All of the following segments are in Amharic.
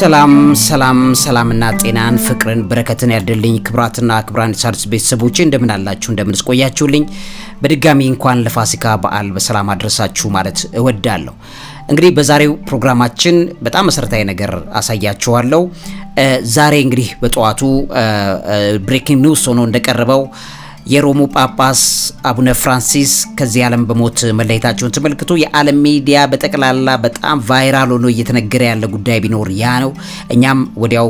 ሰላም ሰላም ሰላምና ጤናን ፍቅርን በረከትን ያደልኝ ክብራትና ክብራን ሣድስ ቤተሰቦቼ እንደምን አላችሁ? እንደምን ስቆያችሁልኝ? በድጋሚ እንኳን ለፋሲካ በዓል በሰላም አድረሳችሁ ማለት እወዳለሁ። እንግዲህ በዛሬው ፕሮግራማችን በጣም መሰረታዊ ነገር አሳያችኋለሁ። ዛሬ እንግዲህ በጠዋቱ ብሬኪንግ ኒውስ ሆኖ እንደቀረበው የሮሙ ጳጳስ አቡነ ፍራንሲስ ከዚህ ዓለም በሞት መለየታቸውን ተመልክቶ የዓለም ሚዲያ በጠቅላላ በጣም ቫይራል ሆኖ እየተነገረ ያለ ጉዳይ ቢኖር ያ ነው። እኛም ወዲያው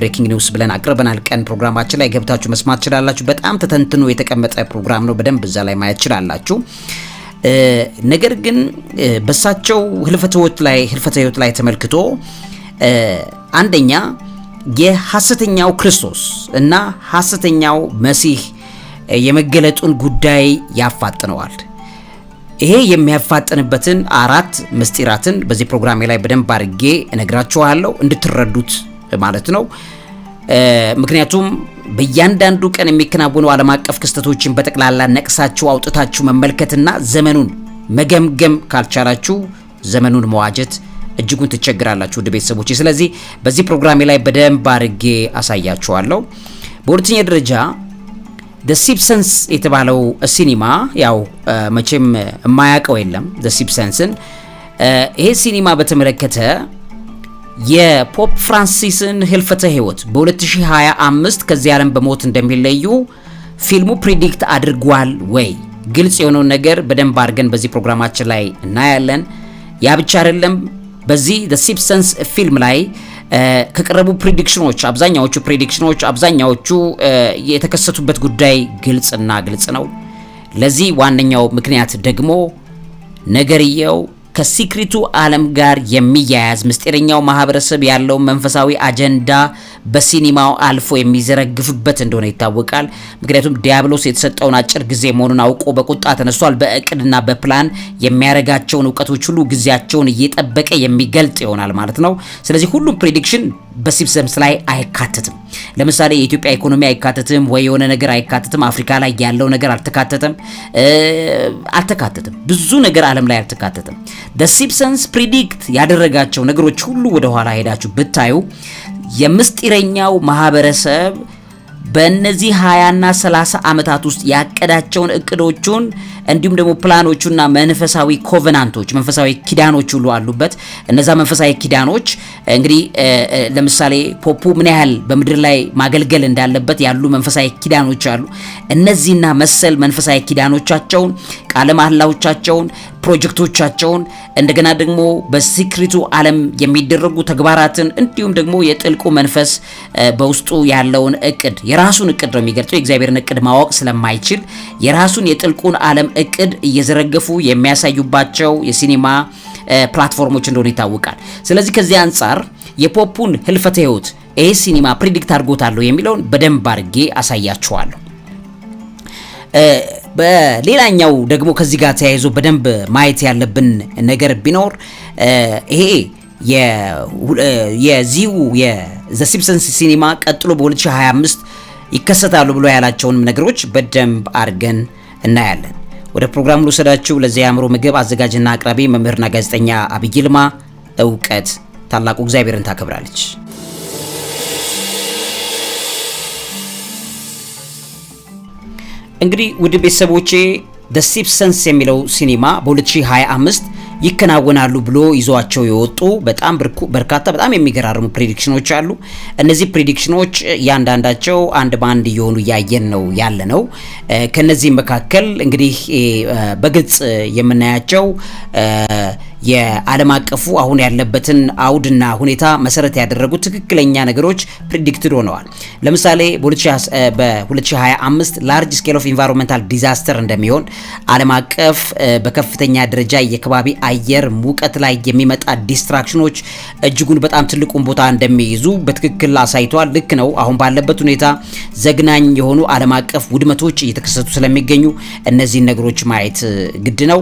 ብሬኪንግ ኒውስ ብለን አቅርበናል። ቀን ፕሮግራማችን ላይ ገብታችሁ መስማት ትችላላችሁ። በጣም ተተንትኖ የተቀመጠ ፕሮግራም ነው። በደንብ እዛ ላይ ማየት ችላላችሁ። ነገር ግን በሳቸው ህልፈተ ህይወት ላይ ህልፈተ ህይወት ላይ ተመልክቶ አንደኛ የሐሰተኛው ክርስቶስ እና ሐሰተኛው መሲህ የመገለጡን ጉዳይ ያፋጥነዋል። ይሄ የሚያፋጥንበትን አራት ምስጢራትን በዚህ ፕሮግራሜ ላይ በደንብ አድርጌ እነግራችኋለሁ እንድትረዱት ማለት ነው። ምክንያቱም በእያንዳንዱ ቀን የሚከናወኑ ዓለም አቀፍ ክስተቶችን በጠቅላላ ነቅሳችሁ አውጥታችሁ መመልከትና ዘመኑን መገምገም ካልቻላችሁ ዘመኑን መዋጀት እጅጉን ትቸግራላችሁ ውድ ቤተሰቦች። ስለዚህ በዚህ ፕሮግራሜ ላይ በደንብ አድርጌ አሳያችኋለሁ። በሁለተኛ ደረጃ ሲፕሰንስ የተባለው ሲኒማ ያው መቼም የማያውቀው የለም ሲፕሰንስን። ይሄ ሲኒማ በተመለከተ የፖፕ ፍራንሲስን ህልፈተ ህይወት በ2025 ከዚህ ዓለም በሞት እንደሚለዩ ፊልሙ ፕሪዲክት አድርጓል ወይ? ግልጽ የሆነውን ነገር በደንብ አድርገን በዚህ ፕሮግራማችን ላይ እናያለን። ያ ብቻ አይደለም። በዚህ ደ ሲፕሰንስ ፊልም ላይ ከቀረቡ ፕሬዲክሽኖች አብዛኛዎቹ ፕሬዲክሽኖች አብዛኛዎቹ የተከሰቱበት ጉዳይ ግልጽና ግልጽ ነው። ለዚህ ዋነኛው ምክንያት ደግሞ ነገርየው ከሲክሪቱ ዓለም ጋር የሚያያዝ ምስጢረኛው ማህበረሰብ ያለው መንፈሳዊ አጀንዳ በሲኒማው አልፎ የሚዘረግፍበት እንደሆነ ይታወቃል። ምክንያቱም ዲያብሎስ የተሰጠውን አጭር ጊዜ መሆኑን አውቆ በቁጣ ተነስቷል። በእቅድና በፕላን የሚያደርጋቸውን እውቀቶች ሁሉ ጊዜያቸውን እየጠበቀ የሚገልጥ ይሆናል ማለት ነው። ስለዚህ ሁሉም ፕሬዲክሽን በሲስተምስ ላይ አይካተትም። ለምሳሌ የኢትዮጵያ ኢኮኖሚ አይካተትም ወይ የሆነ ነገር አይካተትም። አፍሪካ ላይ ያለው ነገር አልተካተተም አልተካተትም። ብዙ ነገር ዓለም ላይ አልተካተትም። ሲምፕሰንስ ፕሪዲክት ያደረጋቸው ነገሮች ሁሉ ወደ ኋላ ሄዳችሁ ብታዩ የምስጢረኛው ማህበረሰብ በእነዚህ እና ሰላሳ ዓመታት ውስጥ ያቀዳቸውን እቅዶቹን እንዲሁም ደግሞ ፕላኖቹና መንፈሳዊ ኮቨናንቶች መንፈሳዊ ኪዳኖች ሁሉ አሉበት። እነዛ መንፈሳዊ ኪዳኖች እንግዲህ ለምሳሌ ፖፑ ምን ያህል በምድር ላይ ማገልገል እንዳለበት ያሉ መንፈሳዊ ኪዳኖች አሉ። እነዚህና መሰል መንፈሳዊ ኪዳኖቻቸውን፣ ቃለ መሐላዎቻቸውን፣ ፕሮጀክቶቻቸውን እንደገና ደግሞ በሲክሪቱ ዓለም የሚደረጉ ተግባራትን እንዲሁም ደግሞ የጥልቁ መንፈስ በውስጡ ያለውን እቅድ የራሱን እቅድ ነው የሚገልጸው። የእግዚአብሔርን እቅድ ማወቅ ስለማይችል የራሱን የጥልቁን ዓለም እቅድ እየዘረገፉ የሚያሳዩባቸው የሲኒማ ፕላትፎርሞች እንደሆነ ይታወቃል። ስለዚህ ከዚህ አንጻር የፖፑን ህልፈተ ህይወት ይሄ ሲኒማ ፕሪዲክት አድርጎታለሁ የሚለውን በደንብ አድርጌ አሳያችኋለሁ። በሌላኛው ደግሞ ከዚህ ጋር ተያይዞ በደንብ ማየት ያለብን ነገር ቢኖር ይሄ የዚሁ የዘ ሲምፕሰንስ ሲኒማ ቀጥሎ በ2025 ይከሰታሉ ብሎ ያላቸውንም ነገሮች በደንብ አድርገን እናያለን። ወደ ፕሮግራሙ ልውሰዳችሁ። ለዚህ የአእምሮ ምግብ አዘጋጅና አቅራቢ መምህርና ጋዜጠኛ አብይ ይልማ። እውቀት ታላቁ እግዚአብሔርን ታከብራለች። እንግዲህ ውድ ቤተሰቦቼ ዘ ሲምፕሰንስ የሚለው ሲኒማ በ2025 ይከናወናሉ ብሎ ይዟቸው የወጡ በጣም በርካታ በጣም የሚገራርሙ ፕሬዲክሽኖች አሉ። እነዚህ ፕሬዲክሽኖች እያንዳንዳቸው አንድ በአንድ እየሆኑ እያየን ነው ያለ ነው። ከነዚህ መካከል እንግዲህ በግልጽ የምናያቸው የዓለም አቀፉ አሁን ያለበትን አውድና ሁኔታ መሰረት ያደረጉ ትክክለኛ ነገሮች ፕሪዲክትድ ሆነዋል። ለምሳሌ በ2025 ላርጅ ስኬል ኦፍ ኢንቫይሮንመንታል ዲዛስተር እንደሚሆን ዓለም አቀፍ በከፍተኛ ደረጃ የከባቢ አየር ሙቀት ላይ የሚመጣ ዲስትራክሽኖች እጅጉን በጣም ትልቁን ቦታ እንደሚይዙ በትክክል አሳይቷል። ልክ ነው። አሁን ባለበት ሁኔታ ዘግናኝ የሆኑ ዓለም አቀፍ ውድመቶች እየተከሰቱ ስለሚገኙ እነዚህን ነገሮች ማየት ግድ ነው።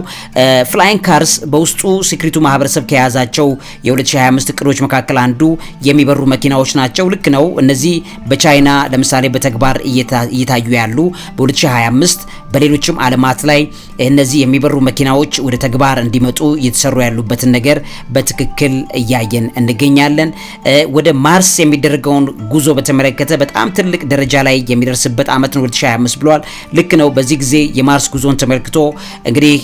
ፍላይንግ ካርስ በውስጡ ሴክሪቱ ማህበረሰብ ከያዛቸው የ2025 እቅዶች መካከል አንዱ የሚበሩ መኪናዎች ናቸው። ልክ ነው። እነዚህ በቻይና ለምሳሌ በተግባር እየታዩ ያሉ በ2025 በሌሎችም አለማት ላይ እነዚህ የሚበሩ መኪናዎች ወደ ተግባር እንዲመጡ እየተሰሩ ያሉበትን ነገር በትክክል እያየን እንገኛለን። ወደ ማርስ የሚደረገውን ጉዞ በተመለከተ በጣም ትልቅ ደረጃ ላይ የሚደርስበት አመት ነው 2025 ብሏል። ልክ ነው። በዚህ ጊዜ የማርስ ጉዞን ተመልክቶ እንግዲህ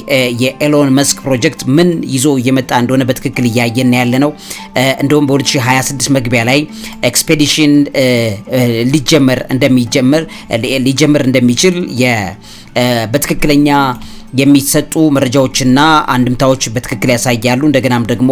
የኤሎን መስክ ፕሮጀክት ምን ይዞ እየመጣ እንደሆነ በትክክል እያየን ያለ ነው። እንደውም በ2026 መግቢያ ላይ ኤክስፔዲሽን ሊጀመር እንደሚጀምር ሊጀምር እንደሚችል በትክክለኛ የሚሰጡ መረጃዎችና አንድምታዎች በትክክል ያሳያሉ። እንደገናም ደግሞ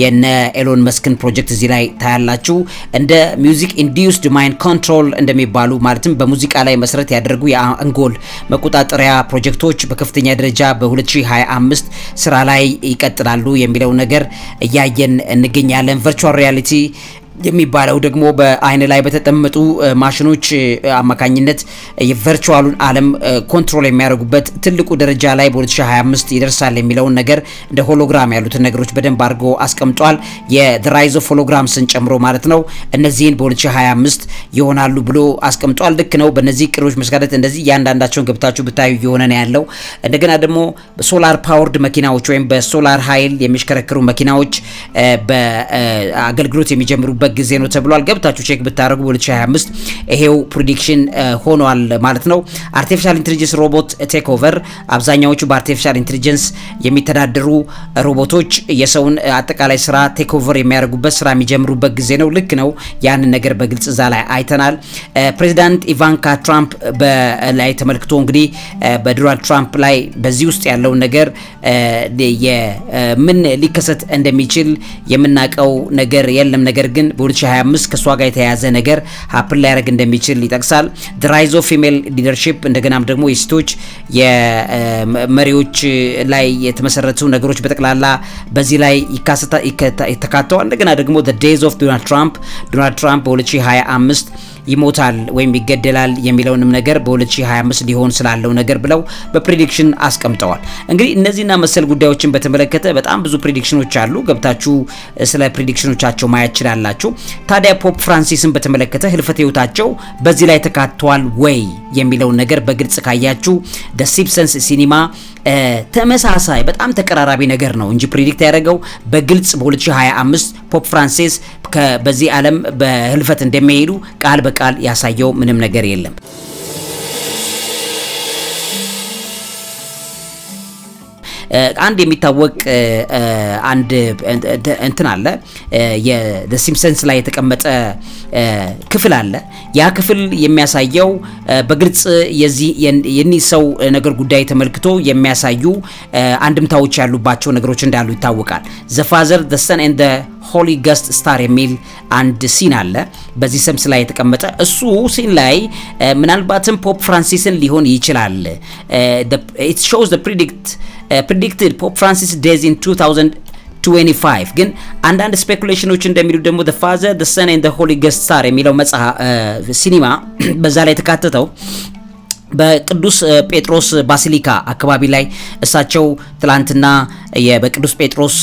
የነ ኤሎን መስክን ፕሮጀክት እዚህ ላይ ታያላችሁ። እንደ ሚውዚክ ኢንዲዩስድ ማይንድ ኮንትሮል እንደሚባሉ ማለትም በሙዚቃ ላይ መሰረት ያደረጉ የአንጎል መቆጣጠሪያ ፕሮጀክቶች በከፍተኛ ደረጃ በ2025 ስራ ላይ ይቀጥላሉ የሚለው ነገር እያየን እንገኛለን። ቨርቹዋል ሪያሊቲ የሚባለው ደግሞ በአይን ላይ በተጠመጡ ማሽኖች አማካኝነት የቨርቹዋሉን ዓለም ኮንትሮል የሚያደርጉበት ትልቁ ደረጃ ላይ በ2025 ይደርሳል የሚለውን ነገር እንደ ሆሎግራም ያሉትን ነገሮች በደንብ አድርጎ አስቀምጧል። የራይዝ ኦፍ ሆሎግራምስን ጨምሮ ማለት ነው። እነዚህን በ2025 ይሆናሉ ብሎ አስቀምጧል። ልክ ነው። በእነዚህ ቅሪዎች መስጋደት እንደዚህ እያንዳንዳቸውን ገብታችሁ ብታዩ እየሆነ ነው ያለው። እንደገና ደግሞ በሶላር ፓወርድ መኪናዎች ወይም በሶላር ኃይል የሚሽከረከሩ መኪናዎች በአገልግሎት የሚጀምሩበት የሚሆንበት ጊዜ ነው ተብሏል። ገብታችሁ ቼክ ብታደርጉ 2025 ይሄው ፕሪዲክሽን ሆኗል ማለት ነው። አርቲፊሻል ኢንቴሊጀንስ ሮቦት ቴክ ኦቨር። አብዛኛዎቹ በአርቲፊሻል ኢንቴሊጀንስ የሚተዳደሩ ሮቦቶች የሰውን አጠቃላይ ስራ ቴክ ኦቨር የሚያደርጉበት ስራ የሚጀምሩበት ጊዜ ነው። ልክ ነው። ያንን ነገር በግልጽ እዛ ላይ አይተናል። ፕሬዚዳንት ኢቫንካ ትራምፕ ላይ ተመልክቶ እንግዲህ በዶናልድ ትራምፕ ላይ በዚህ ውስጥ ያለውን ነገር ምን ሊከሰት እንደሚችል የምናውቀው ነገር የለም። ነገር ግን በ2025 ከእሷ ጋር የተያያዘ ነገር ሀፕን ሊያደርግ እንደሚችል ይጠቅሳል። ድራይዝ ኦፍ ፊሜል ሊደርሺፕ እንደገናም ደግሞ የሴቶች የመሪዎች ላይ የተመሰረቱ ነገሮች በጠቅላላ በዚህ ላይ ተካተዋል። እንደገና ደግሞ ዴይዝ ኦፍ ዶናልድ ትራምፕ ዶናልድ ትራምፕ በ2025 ይሞታል ወይም ይገደላል የሚለውንም ነገር በ2025 ሊሆን ስላለው ነገር ብለው በፕሬዲክሽን አስቀምጠዋል። እንግዲህ እነዚህና መሰል ጉዳዮችን በተመለከተ በጣም ብዙ ፕሬዲክሽኖች አሉ። ገብታችሁ ስለ ፕሬዲክሽኖቻቸው ማየት ችላላችሁ። ታዲያ ፖፕ ፍራንሲስን በተመለከተ ህልፈት ህይወታቸው በዚህ ላይ ተካተዋል ወይ የሚለውን ነገር በግልጽ ካያችሁ ደ ሲምፕሰንስ ሲኒማ ተመሳሳይ በጣም ተቀራራቢ ነገር ነው እንጂ ፕሬዲክት ያደረገው በግልጽ በ2025 ፖፕ ፍራንሲስ በዚህ ዓለም በህልፈት እንደሚሄዱ ቃል በቃል ያሳየው ምንም ነገር የለም። አንድ የሚታወቅ አንድ እንትን አለ የሲምፕሰንስ ላይ የተቀመጠ ክፍል አለ። ያ ክፍል የሚያሳየው በግልጽ የዚህ የኒህ ሰው ነገር ጉዳይ ተመልክቶ የሚያሳዩ አንድምታዎች ያሉባቸው ነገሮች እንዳሉ ይታወቃል። ዘ ፋዘር ዘ ሰን ኤን ደ ሆሊ ገስት ስታር የሚል አንድ ሲን አለ በዚህ ሰምስ ላይ የተቀመጠ እሱ ሲን ላይ ምናልባትም ፖፕ ፍራንሲስን ሊሆን ይችላል። ኢት ሾውስ ፕሪዲክትድ ፖፕ ፍራንሲስ ዴዝ ኢን 2000 25 ግን አንዳንድ ስፔኩሌሽኖች እንደሚሉ ደግሞ the father the son and the holy ghost star የሚለው መጽሐፍ ሲኒማ በዛ ላይ የተካተተው በቅዱስ ጴጥሮስ ባሲሊካ አካባቢ ላይ እሳቸው ትላንትና በቅዱስ ጴጥሮስ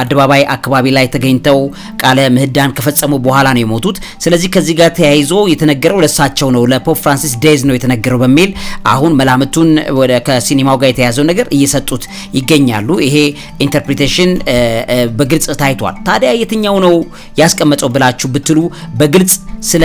አደባባይ አካባቢ ላይ ተገኝተው ቃለ ምህዳን ከፈጸሙ በኋላ ነው የሞቱት። ስለዚህ ከዚህ ጋር ተያይዞ የተነገረው ለእሳቸው ነው፣ ለፖፕ ፍራንሲስ ዴዝ ነው የተነገረው በሚል አሁን መላምቱን ከሲኒማው ጋር የተያዘው ነገር እየሰጡት ይገኛሉ። ይሄ ኢንተርፕሪቴሽን በግልጽ ታይቷል። ታዲያ የትኛው ነው ያስቀመጠው ብላችሁ ብትሉ በግልጽ ስለ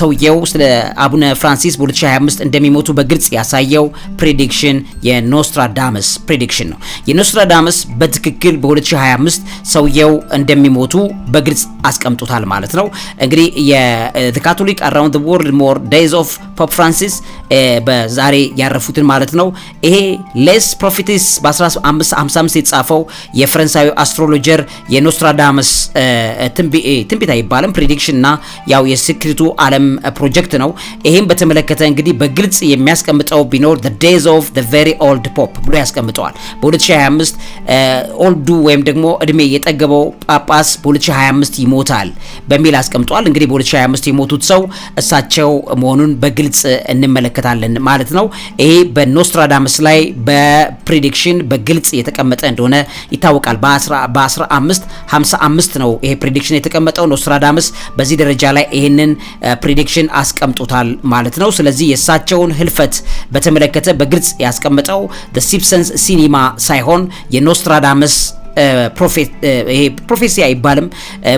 ሰውየው ስለ አቡነ ፍራንሲስ በ2025 እንደሚሞቱ በግልጽ ያሳየው ፕሬዲክሽን የኖስትራዳመስ ፕሬዲክሽን ነው። የኖስትራዳመስ በትክክል በ2025 ሰውየው እንደሚሞቱ በግልጽ አስቀምጦታል ማለት ነው። እንግዲህ የካቶሊክ አራውንድ ወርልድ ሞር ዴይዝ ኦፍ ፖፕ ፍራንሲስ በዛሬ ያረፉትን ማለት ነው። ይሄ ሌስ ፕሮፌቲስ በ1555 የተጻፈው የፈረንሳዊ አስትሮሎጀር የኖስትራዳመስ ትንቢት አይባልም ፕሬዲክሽን እና ያው የስክሪቱ ዓለም ፕሮጀክት ነው። ይህም በተመለከተ እንግዲህ በግልጽ የሚያስቀምጠው ቢኖር the days of the very old pope ብሎ ያስቀምጠዋል። በ2025 ኦልዱ ወይም ደግሞ እድሜ የጠገበው ጳጳስ በ2025 ይሞታል በሚል አስቀምጧል። እንግዲህ በ2025 የሞቱት ሰው እሳቸው መሆኑን በግልጽ እንመለከታለን ማለት ነው። ይሄ በኖስትራዳምስ ላይ በፕሪዲክሽን በግልጽ የተቀመጠ እንደሆነ ይታወቃል። በ1555 ነው ይሄ ፕሬዲክሽን የተቀመጠው። ኖስትራዳምስ በዚህ ደረጃ ላይ ይህ ይህንን ፕሪዲክሽን አስቀምጦታል ማለት ነው። ስለዚህ የእሳቸውን ህልፈት በተመለከተ በግልጽ ያስቀምጠው ዘ ሲምፕሰንስ ሲኒማ ሳይሆን የኖስትራዳመስ ፕሮፌሲ አይባልም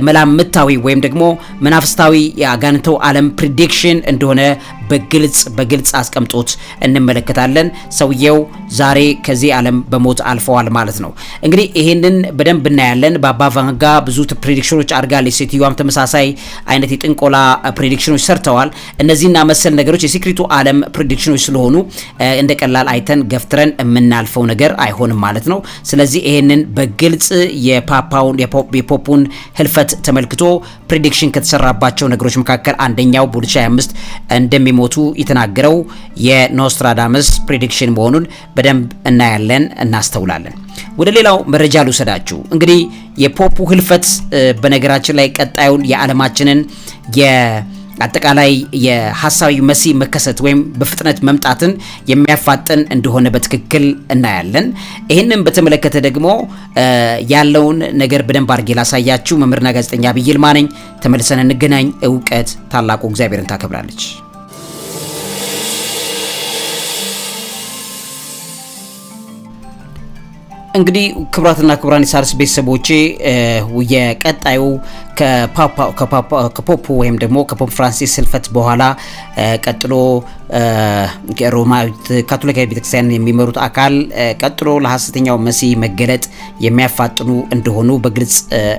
መላምታዊ ወይም ደግሞ መናፍስታዊ የአጋንንተው ዓለም ፕሪዲክሽን እንደሆነ በግልጽ በግልጽ አስቀምጦት እንመለከታለን። ሰውየው ዛሬ ከዚህ ዓለም በሞት አልፈዋል ማለት ነው። እንግዲህ ይሄንን በደንብ እናያለን። በአባ ቫንጋ ብዙ ፕሬዲክሽኖች አድርጋለች። ሴትዮዋም ተመሳሳይ አይነት የጥንቆላ ፕሬዲክሽኖች ሰርተዋል። እነዚህና መሰል ነገሮች የሴክሪቱ ዓለም ፕሬዲክሽኖች ስለሆኑ እንደ ቀላል አይተን ገፍትረን የምናልፈው ነገር አይሆንም ማለት ነው። ስለዚህ ይሄንን በግልጽ የፓፓውን የፖፑን ህልፈት ተመልክቶ ፕሬዲክሽን ከተሰራባቸው ነገሮች መካከል አንደኛው በ2025 እንደሚ እንደሚሞቱ የተናገረው የኖስትራዳምስ ፕሬዲክሽን መሆኑን በደንብ እናያለን፣ እናስተውላለን። ወደ ሌላው መረጃ ልውሰዳችሁ። እንግዲህ የፖፑ ህልፈት በነገራችን ላይ ቀጣዩን የዓለማችንን አጠቃላይ የሐሳዊ መሲህ መከሰት ወይም በፍጥነት መምጣትን የሚያፋጥን እንደሆነ በትክክል እናያለን። ይህንን በተመለከተ ደግሞ ያለውን ነገር በደንብ አድርጌ ላሳያችሁ። መምህርና ጋዜጠኛ ዐቢይ ይልማ ነኝ። ተመልሰን እንገናኝ። እውቀት ታላቁ እግዚአብሔርን ታከብራለች። እንግዲህ ክብራትና ክብራን የሣድስ ቤተሰቦቼ የቀጣዩ ከፖፕ ወይም ደግሞ ከፖፕ ፍራንሲስ ህልፈት በኋላ ቀጥሎ ሮማዊት ካቶሊካዊ ቤተክርስቲያን የሚመሩት አካል ቀጥሎ ለሐሰተኛው መሲህ መገለጥ የሚያፋጥኑ እንደሆኑ በግልጽ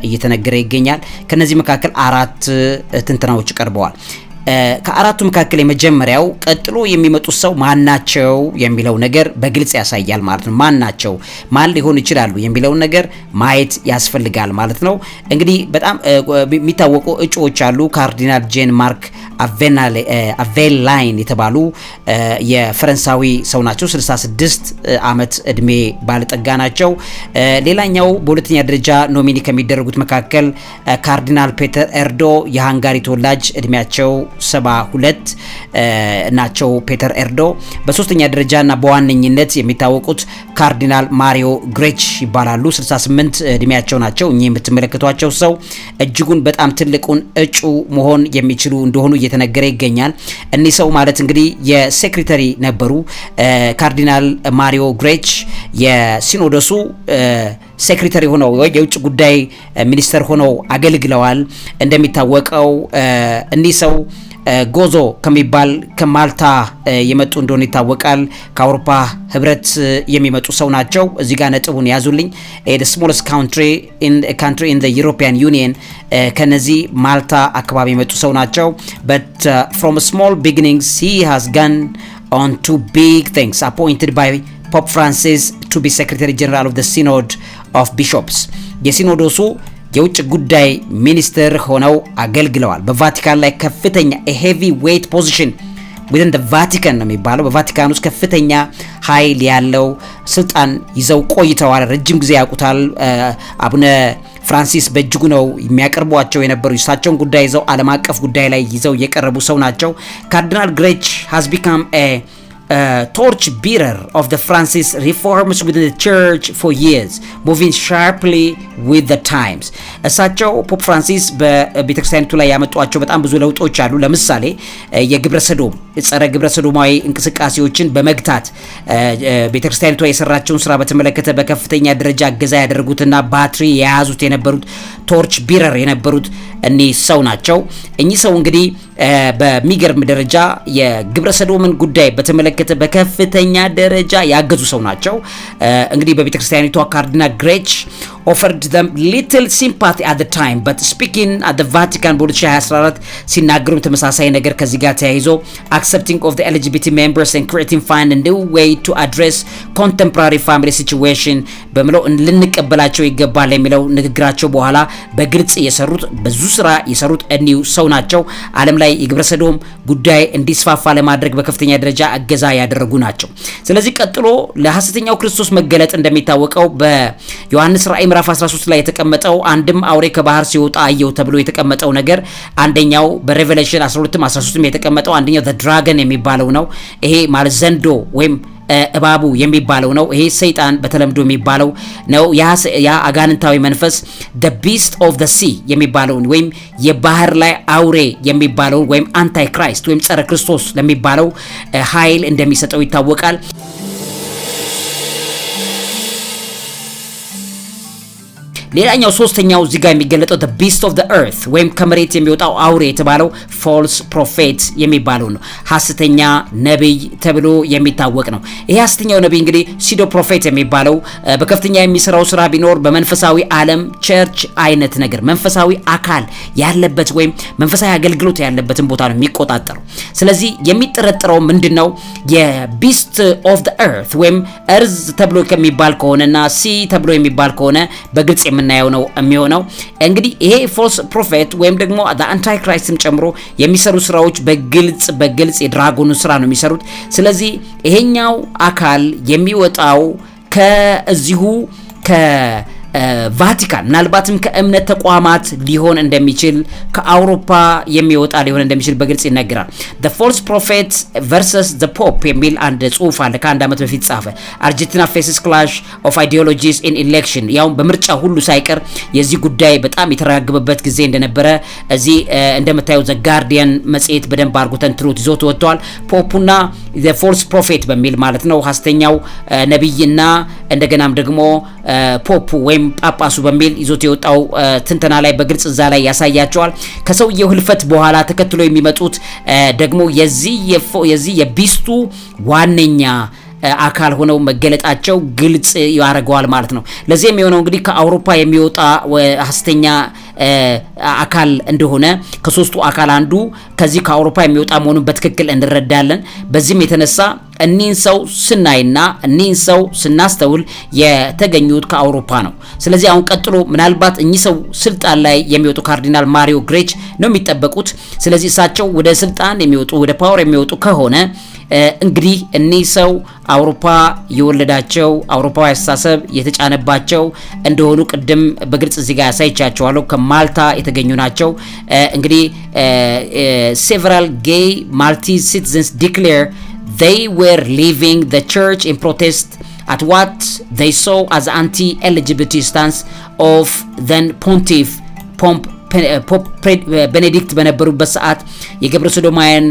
እየተነገረ ይገኛል። ከነዚህ መካከል አራት ትንተናዎች ቀርበዋል። ከአራቱ መካከል የመጀመሪያው ቀጥሎ የሚመጡት ሰው ማናቸው የሚለው ነገር በግልጽ ያሳያል ማለት ነው። ማናቸው ማን ሊሆን ይችላሉ የሚለውን ነገር ማየት ያስፈልጋል ማለት ነው። እንግዲህ በጣም የሚታወቁ እጩዎች አሉ። ካርዲናል ጄን ማርክ አቬላይን የተባሉ የፈረንሳዊ ሰው ናቸው። 66 ዓመት እድሜ ባለጠጋ ናቸው። ሌላኛው በሁለተኛ ደረጃ ኖሚኒ ከሚደረጉት መካከል ካርዲናል ፔተር ኤርዶ የሃንጋሪ ተወላጅ እድሜያቸው 72 ናቸው። ፔተር ኤርዶ በሶስተኛ ደረጃ እና በዋነኝነት የሚታወቁት ካርዲናል ማሪዮ ግሬች ይባላሉ። 68 እድሜያቸው ናቸው። እኚህ የምትመለከቷቸው ሰው እጅጉን በጣም ትልቁን እጩ መሆን የሚችሉ እንደሆኑ እየተነገረ ይገኛል። እኒህ ሰው ማለት እንግዲህ የሴክሬተሪ ነበሩ። ካርዲናል ማሪዮ ግሬች የሲኖዶሱ ሴክሬተሪ ሆነው የውጭ ጉዳይ ሚኒስተር ሆነው አገልግለዋል። እንደሚታወቀው እኒህ ሰው ጎዞ ከሚባል ከማልታ የመጡ እንደሆነ ይታወቃል። ከአውሮፓ ህብረት የሚመጡ ሰው ናቸው። እዚህ ጋር ነጥቡን ያዙልኝ። the smallest country in a country in the European Union ከነዚህ ማልታ አካባቢ የመጡ ሰው ናቸው። but from small beginnings he has gone on to big things appointed by Pope Francis to be Secretary General of the Synod of Bishops የሲኖዶሱ የውጭ ጉዳይ ሚኒስትር ሆነው አገልግለዋል። በቫቲካን ላይ ከፍተኛ ሄቪ ዌይት ፖዚሽን ዊዝን ቫቲካን ነው የሚባለው። በቫቲካን ውስጥ ከፍተኛ ኃይል ያለው ስልጣን ይዘው ቆይተዋል። ረጅም ጊዜ ያውቁታል። አቡነ ፍራንሲስ በእጅጉ ነው የሚያቀርቧቸው የነበሩ እሳቸውን ጉዳይ ይዘው ዓለም አቀፍ ጉዳይ ላይ ይዘው የቀረቡ ሰው ናቸው። ካርዲናል ግሬች ሃዝ ቢካም uh, torch-bearer of the Francis reforms within the church for years, moving sharply with the times. እሳቸው ፖፕ ፍራንሲስ በቤተክርስቲያኒቱ uh, ላይ ያመጧቸው በጣም ብዙ ለውጦች አሉ። ለምሳሌ uh, የግብረ ሰዶም ጸረ ግብረ ሰዶማዊ እንቅስቃሴዎችን በመግታት uh, ቤተክርስቲያኒቷ የሰራቸውን ስራ በተመለከተ በከፍተኛ ደረጃ እገዛ ያደረጉትና ባትሪ የያዙት የነበሩት ቶርች ቢረር የነበሩት እኒህ ሰው ናቸው። እኚህ ሰው እንግዲህ በሚገርም ደረጃ የግብረ ሰዶምን ጉዳይ በተመለከተ በሚመለከት በከፍተኛ ደረጃ ያገዙ ሰው ናቸው። እንግዲህ በቤተክርስቲያኒቷ ካርዲና ግሬች ኦፈርድ ዘም ሊትል ሲምፓቲ አት ታይም በት ስፒኪንግ አት ቫቲካን በ2014 ሲናገሩም ተመሳሳይ ነገር ከዚህ ጋር ተያይዞ አክሰፕቲንግ ኦፍ ኤልጂቢቲ ሜምበርስ ኤንድ ክሪኤቲንግ ፋይንድ ኒው ዌይ ቱ አድሬስ ኮንቴምፖራሪ ፋሚሊ ሲቹዌሽን በሚለው ልንቀበላቸው ይገባል የሚለው ንግግራቸው በኋላ በግልጽ የሰሩት ብዙ ስራ የሰሩት እኒው ሰው ናቸው። ዓለም ላይ የግብረ ጉዳይ እንዲስፋፋ ለማድረግ በከፍተኛ ደረጃ እገዛ ያደረጉ ናቸው። ስለዚህ ቀጥሎ ለሐሰተኛው ክርስቶስ መገለጥ እንደሚታወቀው በዮሐንስ ራእይ ምዕራፍ 13 ላይ የተቀመጠው አንድም አውሬ ከባህር ሲወጣ አየው ተብሎ የተቀመጠው ነገር አንደኛው በሬቨሌሽን 12ም 13ም የተቀመጠው አንደኛው ድራገን የሚባለው ነው። ይሄ ማለት ዘንዶ ወይም እባቡ የሚባለው ነው። ይሄ ሰይጣን በተለምዶ የሚባለው ነው። ያ አጋንንታዊ መንፈስ ደ ቢስት ኦፍ ደ ሲ የሚባለውን ወይም የባህር ላይ አውሬ የሚባለውን ወይም አንታይ ክራይስት ወይም ጸረ ክርስቶስ ለሚባለው ኃይል እንደሚሰጠው ይታወቃል። ሌላኛው ሶስተኛው እዚህ ጋር የሚገለጠው ዘ ቢስት ኦፍ ዘ earth ወይም ከመሬት የሚወጣው አውሬ የተባለው ፎልስ ፕሮፌት የሚባለው ነው። ሐሰተኛ ነቢይ ተብሎ የሚታወቅ ነው። ይሄ ሐሰተኛው ነቢይ እንግዲህ ሲዶ ፕሮፌት የሚባለው በከፍተኛ የሚሰራው ስራ ቢኖር በመንፈሳዊ ዓለም ቸርች አይነት ነገር መንፈሳዊ አካል ያለበት ወይም መንፈሳዊ አገልግሎት ያለበትን ቦታ ነው የሚቆጣጠረው። ስለዚህ የሚጠረጠረው ምንድነው? የቢስት ኦፍ ዘ ኤርት ወይም እርዝ ተብሎ ከሚባል ከሆነና ሲ ተብሎ የሚባል ከሆነ በግልጽ የምን የምናየው ነው የሚሆነው። እንግዲህ ይሄ ፎልስ ፕሮፌት ወይም ደግሞ አንታይክራይስትም ጨምሮ የሚሰሩ ስራዎች በግልጽ በግልጽ የድራጎኑ ስራ ነው የሚሰሩት። ስለዚህ ይሄኛው አካል የሚወጣው ከዚሁ ከ ቫቲካን ምናልባትም ከእምነት ተቋማት ሊሆን እንደሚችል ከአውሮፓ የሚወጣ ሊሆን እንደሚችል በግልጽ ይነግራል። ዘ ፎልስ ፕሮፌት ቨርሰስ ዘ ፖፕ የሚል አንድ ጽሁፍ አለ። ከአንድ ዓመት በፊት ጻፈ። አርጀንቲና ፌስስ ክላሽ ኦፍ አይዲዮሎጂስ ኢን ኢሌክሽን ያውም በምርጫ ሁሉ ሳይቀር የዚህ ጉዳይ በጣም የተረጋገበበት ጊዜ እንደነበረ እዚህ እንደምታየው ዘ ጋርዲያን መጽሔት በደንብ አድርጎ ተንትኖት ይዞት ወጥተዋል። ፖፑና ዘ ፎልስ ፕሮፌት በሚል ማለት ነው ሀስተኛው ነቢይና እንደገናም ደግሞ ፖፑ ወይም ወይም ጳጳሱ በሚል ይዞት የወጣው ትንተና ላይ በግልጽ እዛ ላይ ያሳያቸዋል። ከሰውየው ህልፈት በኋላ ተከትሎ የሚመጡት ደግሞ የዚህ የቢስቱ ዋነኛ አካል ሆነው መገለጣቸው ግልጽ ያደርገዋል ማለት ነው። ለዚህ የሚሆነው እንግዲህ ከአውሮፓ የሚወጣ ሀስተኛ አካል እንደሆነ ከሶስቱ አካል አንዱ ከዚህ ከአውሮፓ የሚወጣ መሆኑን በትክክል እንረዳለን። በዚህም የተነሳ እኒህን ሰው ስናይና እኒህን ሰው ስናስተውል የተገኙት ከአውሮፓ ነው። ስለዚህ አሁን ቀጥሎ ምናልባት እኚህ ሰው ስልጣን ላይ የሚወጡ ካርዲናል ማሪዮ ግሬች ነው የሚጠበቁት። ስለዚህ እሳቸው ወደ ስልጣን የሚወጡ ወደ ፓወር የሚወጡ ከሆነ እንግዲህ እኒህ ሰው አውሮፓ የወለዳቸው አውሮፓዊ አስተሳሰብ የተጫነባቸው እንደሆኑ ቅድም በግልጽ እዚህ ጋር ያሳይቻቸዋለሁ። ከማልታ የተገኙ ናቸው። እንግዲህ ሴቨራል ጌይ ማልቲዝ ሲቲዘንስ ዲክሌር they were leaving the church in protest at what they saw as anti-LGBT stance of then pontiff ፖፕ ቤኔዲክት በነበሩበት ሰዓት የገብረ ሶዶማውያን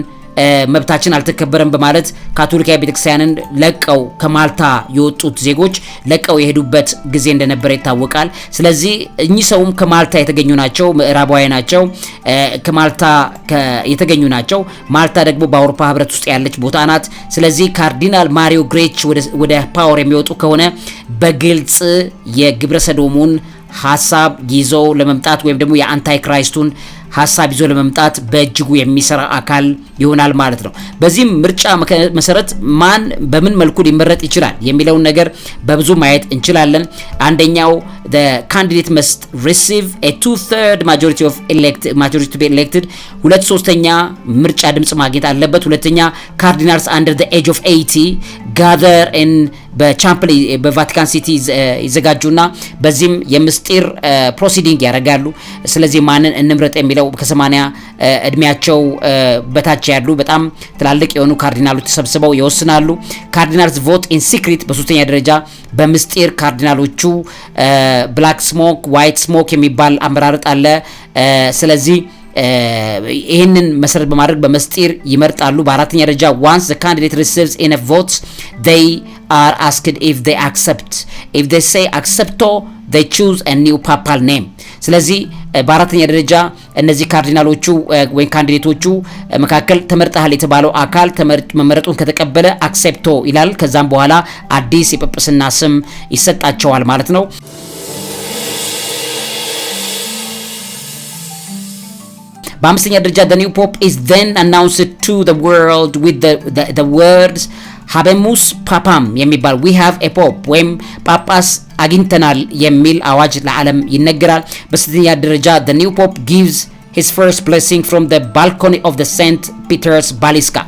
መብታችን አልተከበረም በማለት ካቶሊካዊ ቤተክርስቲያንን ለቀው ከማልታ የወጡት ዜጎች ለቀው የሄዱበት ጊዜ እንደነበረ ይታወቃል። ስለዚህ እኚህ ሰውም ከማልታ የተገኙ ናቸው፣ ምዕራባዊ ናቸው፣ ከማልታ የተገኙ ናቸው። ማልታ ደግሞ በአውሮፓ ህብረት ውስጥ ያለች ቦታ ናት። ስለዚህ ካርዲናል ማሪዮ ግሬች ወደ ፓወር የሚወጡ ከሆነ በግልጽ የግብረ ሰዶሙን ሀሳብ ይዘው ለመምጣት ወይም ደግሞ የአንታይ ክራይስቱን ሀሳብ ይዞ ለመምጣት በእጅጉ የሚሰራ አካል ይሆናል ማለት ነው። በዚህም ምርጫ መሰረት ማን በምን መልኩ ሊመረጥ ይችላል የሚለውን ነገር በብዙ ማየት እንችላለን። አንደኛው ካንዲዴት መስት ሪሲቭ ቱ ተርድ ማጆሪቲ ኦፍ ማጆሪቲ ኤሌክትድ፣ ሁለት ሶስተኛ ምርጫ ድምጽ ማግኘት አለበት። ሁለተኛ ካርዲናልስ አንደር ኤጅ ኦፍ ኤይቲ ጋዘር በቻምፕል በቫቲካን ሲቲ ይዘጋጁና በዚህም የምስጢር ፕሮሲዲንግ ያደርጋሉ። ስለዚህ ማንን እንምረጥ የሚለው ከሰማንያ እድሜያቸው በታች ያሉ በጣም ትላልቅ የሆኑ ካርዲናሎች ተሰብስበው ይወስናሉ። ካርዲናልስ ቮት ኢን ሲክሪት በሶስተኛ ደረጃ በምስጢር ካርዲናሎቹ ብላክ ስሞክ፣ ዋይት ስሞክ የሚባል አመራረጥ አለ። ስለዚህ ይህንን መሰረት በማድረግ በመስጢር ይመርጣሉ። በአራተኛ ደረጃ ዋንስ ዘ ካንዲዴት ሪሲቭስ ኢነፍ ቮትስ ዴይ አር አስክድ ኢፍ ዴይ አክሰፕት ኢፍ ዴይ ሴይ አክሰፕቶ ዴይ ቹዝ ኒው ፓፓል ኔም። ስለዚህ በአራተኛ ደረጃ እነዚህ ካርዲናሎቹ ወይም ካንዲዴቶቹ መካከል ተመርጠሃል የተባለው አካል መመረጡን ከተቀበለ አክሴፕቶ ይላል። ከዛም በኋላ አዲስ የጵጵስና ስም ይሰጣቸዋል ማለት ነው። በአምስተኛ ደረጃ the new pope is then announced to the world with the, the, the words "Habemus papam." Yemibal, we have a pope ወይም ጳጳስ አግኝተናል የሚል አዋጅ ለዓለም ይነገራል። በስድስተኛ ደረጃ the new pope gives his first blessing from the balcony of the St. Peter's Basilica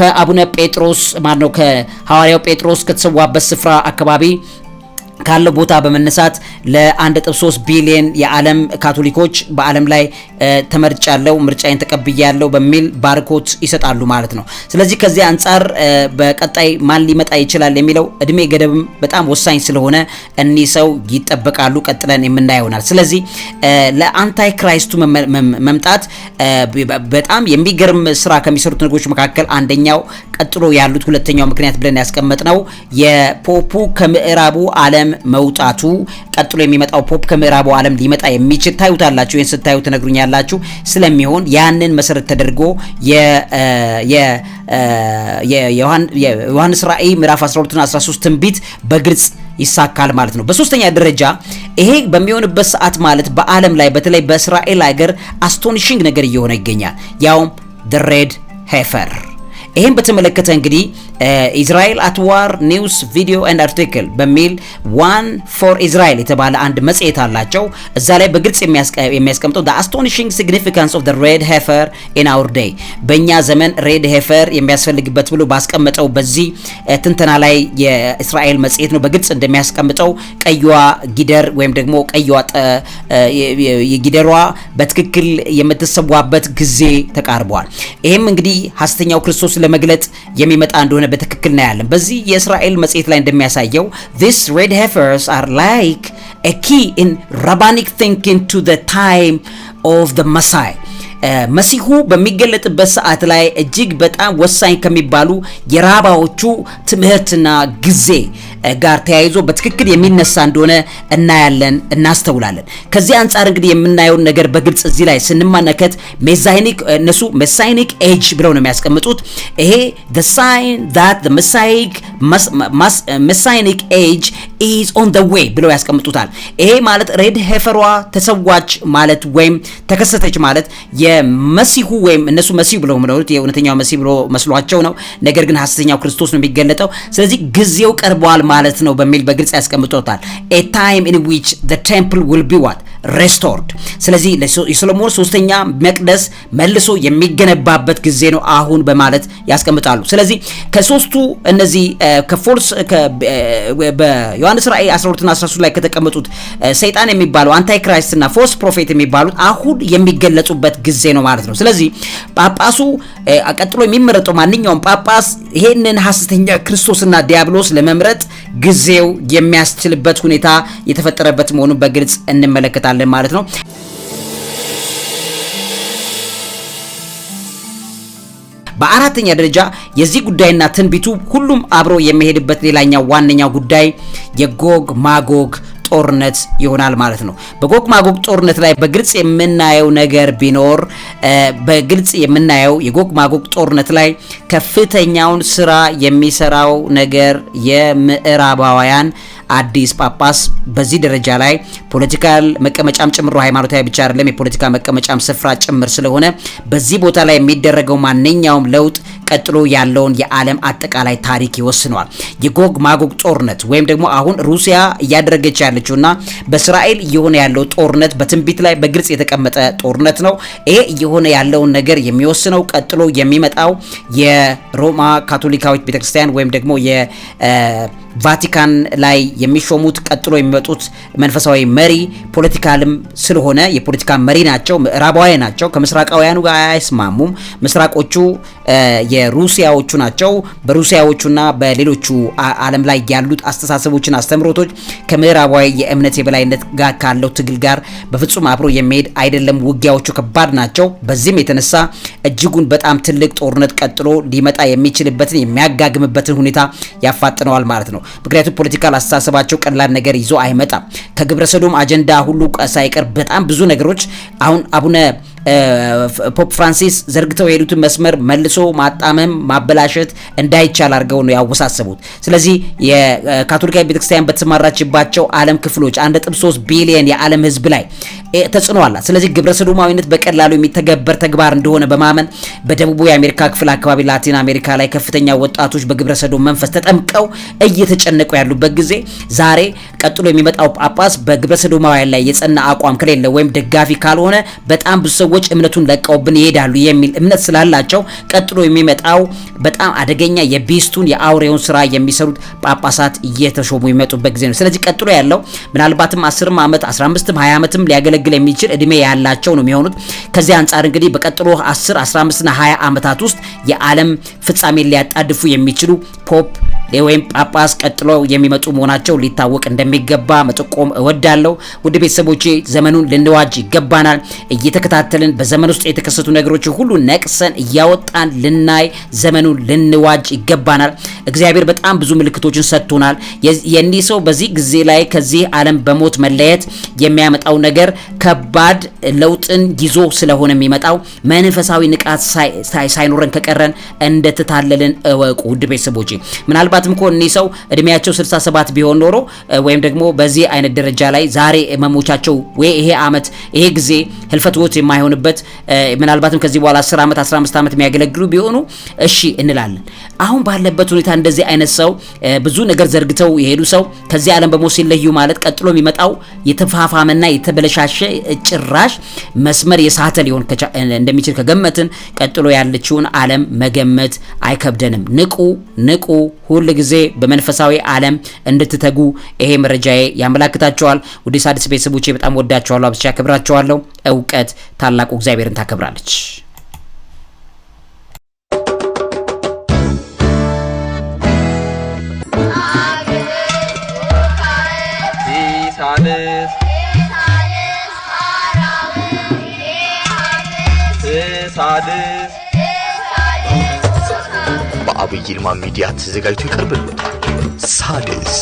ከአቡነ ጴጥሮስ ማለት ነው ከሐዋርያው ጴጥሮስ ከተሰዋበት ስፍራ አካባቢ ካለው ቦታ በመነሳት ለ1.3 ቢሊዮን የዓለም ካቶሊኮች በዓለም ላይ ተመርጫለው ምርጫዬን ተቀብያለው በሚል ባርኮት ይሰጣሉ ማለት ነው። ስለዚህ ከዚህ አንጻር በቀጣይ ማን ሊመጣ ይችላል የሚለው እድሜ ገደብም በጣም ወሳኝ ስለሆነ እኒህ ሰው ይጠበቃሉ። ቀጥለን የምናየው ይሆናል። ስለዚህ ለአንታይ ክራይስቱ መምጣት በጣም የሚገርም ስራ ከሚሰሩት ነገሮች መካከል አንደኛው፣ ቀጥሎ ያሉት ሁለተኛው ምክንያት ብለን ያስቀመጥነው የፖፑ ከምዕራቡ ዓለም ዓለም መውጣቱ ቀጥሎ የሚመጣው ፖፕ ከምዕራቡ ዓለም ሊመጣ የሚችል ታዩታላችሁ። ይህን ስታዩ ትነግሩኛላችሁ ስለሚሆን ያንን መሰረት ተደርጎ የዮሐንስ ራእይ ምዕራፍ 12 እና 13 ትንቢት በግልጽ ይሳካል ማለት ነው። በሶስተኛ ደረጃ ይሄ በሚሆንበት ሰዓት ማለት በዓለም ላይ በተለይ በእስራኤል ሀገር አስቶኒሽንግ ነገር እየሆነ ይገኛል። ያውም ሬድ ሄፈር ይህም በተመለከተ እንግዲህ ኢዝራኤል አት ዋር ኒውስ ቪዲዮ ኤንድ አርቲክል በሚል ዋን ፎር ኢዝራኤል የተባለ አንድ መጽሔት አላቸው። እዛ ላይ በግልጽ የሚያስቀምጠው አስቶኒሽንግ ሲግኒፊካንስ ኦፍ ሬድ ሄፈር ኢን heifer in በእኛ ዘመን ሬድ ሄፈር የሚያስፈልግበት ብሎ ባስቀመጠው በዚህ uh, ትንተና ላይ የእስራኤል መጽሔት ነው በግልጽ እንደሚያስቀምጠው ቀይዋ ጊደር ወይም ደግሞ ቀይዋ uh, ጊደሯ በትክክል የምትሰዋበት ጊዜ ተቃርቧል። ይህም እንግዲህ ሀስተኛው ክርስቶስ ለመግለጥ የሚመጣ እንደሆነ እንደሆነ በትክክል እናያለን። በዚህ የእስራኤል መጽሔት ላይ እንደሚያሳየው this red heifers are like a key in rabbinic thinking to the time of the Messiah መሲሁ በሚገለጥበት ሰዓት ላይ እጅግ በጣም ወሳኝ ከሚባሉ የራባዎቹ ትምህርትና ጊዜ ጋር ተያይዞ በትክክል የሚነሳ እንደሆነ እናያለን፣ እናስተውላለን። ከዚህ አንጻር እንግዲህ የምናየውን ነገር በግልጽ እዚህ ላይ ስንመለከት ሜሳይኒክ እነሱ ሜሳይኒክ ኤጅ ብለው ነው የሚያስቀምጡት። ይሄ ሳይን sign that ኢዝ ኦን ደ ዌይ ብለው ያስቀምጡታል። ይሄ ማለት ሬድ ሄፈሯ ተሰዋች ማለት ወይም ተከሰተች ማለት የመሲሁ ወይም እነሱ መሲሁ ብለው ምለውት የእውነተኛው መሲህ ብሎ መስሏቸው ነው። ነገር ግን ሐሰተኛው ክርስቶስ ነው የሚገለጠው። ስለዚህ ጊዜው ቀርበዋል ማለት ነው በሚል በግልጽ ያስቀምጡታል ኤ ታይም ኢን ዊች ዘ ቴምፕል ዊል ቢ ዋት ሬስቶርድ። ስለዚህ የሶሎሞን ሶስተኛ መቅደስ መልሶ የሚገነባበት ጊዜ ነው አሁን በማለት ያስቀምጣሉ። ስለዚህ ከሶስቱ እነዚህ ከፎልስ በዮሐንስ ራእይ 12ና 13 ላይ ከተቀመጡት ሰይጣን የሚባለው አንታይክራይስትና ፎልስ ፕሮፌት የሚባሉት አሁን የሚገለጹበት ጊዜ ነው ማለት ነው። ስለዚህ ጳጳሱ ቀጥሎ የሚመረጠው ማንኛውም ጳጳስ ይሄንን ሐሰተኛ ክርስቶስና ዲያብሎስ ለመምረጥ ጊዜው የሚያስችልበት ሁኔታ የተፈጠረበት መሆኑን በግልጽ እንመለከታለን ማለት ነው። በአራተኛ ደረጃ የዚህ ጉዳይና ትንቢቱ ሁሉም አብሮ የሚሄድበት ሌላኛው ዋነኛው ጉዳይ የጎግ ማጎግ ጦርነት ይሆናል ማለት ነው። በጎግ ማጎግ ጦርነት ላይ በግልጽ የምናየው ነገር ቢኖር በግልጽ የምናየው የጎግ ማጎግ ጦርነት ላይ ከፍተኛውን ስራ የሚሰራው ነገር የምዕራባውያን አዲስ ጳጳስ በዚህ ደረጃ ላይ ፖለቲካል መቀመጫም ጭምሮ ሃይማኖታዊ ብቻ አይደለም፣ የፖለቲካ መቀመጫም ስፍራ ጭምር ስለሆነ በዚህ ቦታ ላይ የሚደረገው ማንኛውም ለውጥ ቀጥሎ ያለውን የዓለም አጠቃላይ ታሪክ ይወስነዋል። የጎግ ማጎግ ጦርነት ወይም ደግሞ አሁን ሩሲያ እያደረገች ያለችውና በእስራኤል እየሆነ ያለው ጦርነት በትንቢት ላይ በግልጽ የተቀመጠ ጦርነት ነው። ይሄ እየሆነ ያለውን ነገር የሚወስነው ቀጥሎ የሚመጣው የሮማ ካቶሊካዊት ቤተክርስቲያን ወይም ደግሞ ቫቲካን ላይ የሚሾሙት ቀጥሎ የሚመጡት መንፈሳዊ መሪ ፖለቲካልም ስለሆነ የፖለቲካ መሪ ናቸው። ምዕራባዊ ናቸው። ከምስራቃውያኑ ጋር አይስማሙም። ምስራቆቹ የሩሲያዎቹ ናቸው። በሩሲያዎቹና በሌሎቹ ዓለም ላይ ያሉት አስተሳሰቦችን፣ አስተምሮቶች ከምዕራባዊ የእምነት የበላይነት ጋር ካለው ትግል ጋር በፍጹም አብሮ የሚሄድ አይደለም። ውጊያዎቹ ከባድ ናቸው። በዚህም የተነሳ እጅጉን በጣም ትልቅ ጦርነት ቀጥሎ ሊመጣ የሚችልበትን የሚያጋግምበትን ሁኔታ ያፋጥነዋል ማለት ነው። ምክንያቱም ፖለቲካል አስተሳሰባቸው ቀላል ነገር ይዞ አይመጣም። ከግብረ ሰዶም አጀንዳ ሁሉ ሳይቀር በጣም ብዙ ነገሮች አሁን አቡነ ፖፕ ፍራንሲስ ዘርግተው የሄዱትን መስመር መልሶ ማጣመም ማበላሸት እንዳይቻል አድርገው ነው ያወሳሰቡት። ስለዚህ የካቶሊካዊ ቤተክርስቲያን በተሰማራችባቸው ዓለም ክፍሎች 1.3 ቢሊየን የዓለም ሕዝብ ላይ ተጽዕኖ አላት። ስለዚህ ግብረ ሰዶማዊነት በቀላሉ የሚተገበር ተግባር እንደሆነ በማመን በደቡቡ የአሜሪካ ክፍል አካባቢ ላቲን አሜሪካ ላይ ከፍተኛ ወጣቶች በግብረ ሰዶም መንፈስ ተጠምቀው እየተጨነቁ ያሉበት ጊዜ ዛሬ ቀጥሎ የሚመጣው ጳጳስ በግብረ ሰዶማውያን ላይ የጸና አቋም ከሌለ ወይም ደጋፊ ካልሆነ በጣም ብዙ ሰዎች እምነቱን ለቀውብን ይሄዳሉ የሚል እምነት ስላላቸው ቀጥሎ የሚመጣው በጣም አደገኛ የቢስቱን የአውሬውን ስራ የሚሰሩት ጳጳሳት እየተሾሙ ይመጡበት ጊዜ ነው። ስለዚህ ቀጥሎ ያለው ምናልባትም 10 ዓመት 15 20 ዓመትም ሊያገለግል ሊያገለግል የሚችል እድሜ ያላቸው ነው የሚሆኑት። ከዚህ አንጻር እንግዲህ በቀጥሎ 10፣ 15 እና 20 ዓመታት ውስጥ የዓለም ፍጻሜ ሊያጣድፉ የሚችሉ ፖፕ ወይም ጳጳስ ቀጥሎ የሚመጡ መሆናቸው ሊታወቅ እንደሚገባ መጠቆም እወዳለሁ። ውድ ቤተሰቦቼ ዘመኑን ልንዋጅ ይገባናል። እየተከታተልን በዘመን ውስጥ የተከሰቱ ነገሮች ሁሉ ነቅሰን እያወጣን ልናይ ዘመኑን ልንዋጅ ይገባናል። እግዚአብሔር በጣም ብዙ ምልክቶችን ሰጥቶናል። የኒህ ሰው በዚህ ጊዜ ላይ ከዚህ ዓለም በሞት መለየት የሚያመጣው ነገር ከባድ ለውጥን ይዞ ስለሆነ የሚመጣው መንፈሳዊ ንቃት ሳይኖረን ከቀረን እንደተታለልን እወቁ ውድ ቤተሰቦቼ ምናልባት ምናልባትም እኮ እኒህ ሰው እድሜያቸው 67 ቢሆን ኖሮ ወይም ደግሞ በዚህ አይነት ደረጃ ላይ ዛሬ መሞቻቸው ወይ ይሄ አመት ይሄ ጊዜ ህልፈት ወት የማይሆንበት ምናልባትም ከዚህ በኋላ 10 ዓመት 15 አመት የሚያገለግሉ ቢሆኑ እሺ እንላለን። አሁን ባለበት ሁኔታ እንደዚህ አይነት ሰው ብዙ ነገር ዘርግተው የሄዱ ሰው ከዚህ ዓለም በሞት ሲለዩ ማለት ቀጥሎ የሚመጣው የተፋፋመና የተበለሻሸ ጭራሽ መስመር የሳተ ሊሆን እንደሚችል ከገመትን ቀጥሎ ያለችውን ዓለም መገመት አይከብደንም። ንቁ ንቁ ሁል ሁል ጊዜ በመንፈሳዊ ዓለም እንድትተጉ ይሄ መረጃዬ ያመላክታቸዋል። ውድ ሣድስ ቤተሰቦቼ በጣም ወዳቸዋለሁ፣ አብዝቼ አከብራቸዋለሁ። እውቀት ታላቁ እግዚአብሔርን ታከብራለች። ሣድስ በአብይ ይልማ ሚዲያ ተዘጋጅቶ ይቀርብልዎታል። ሣድስ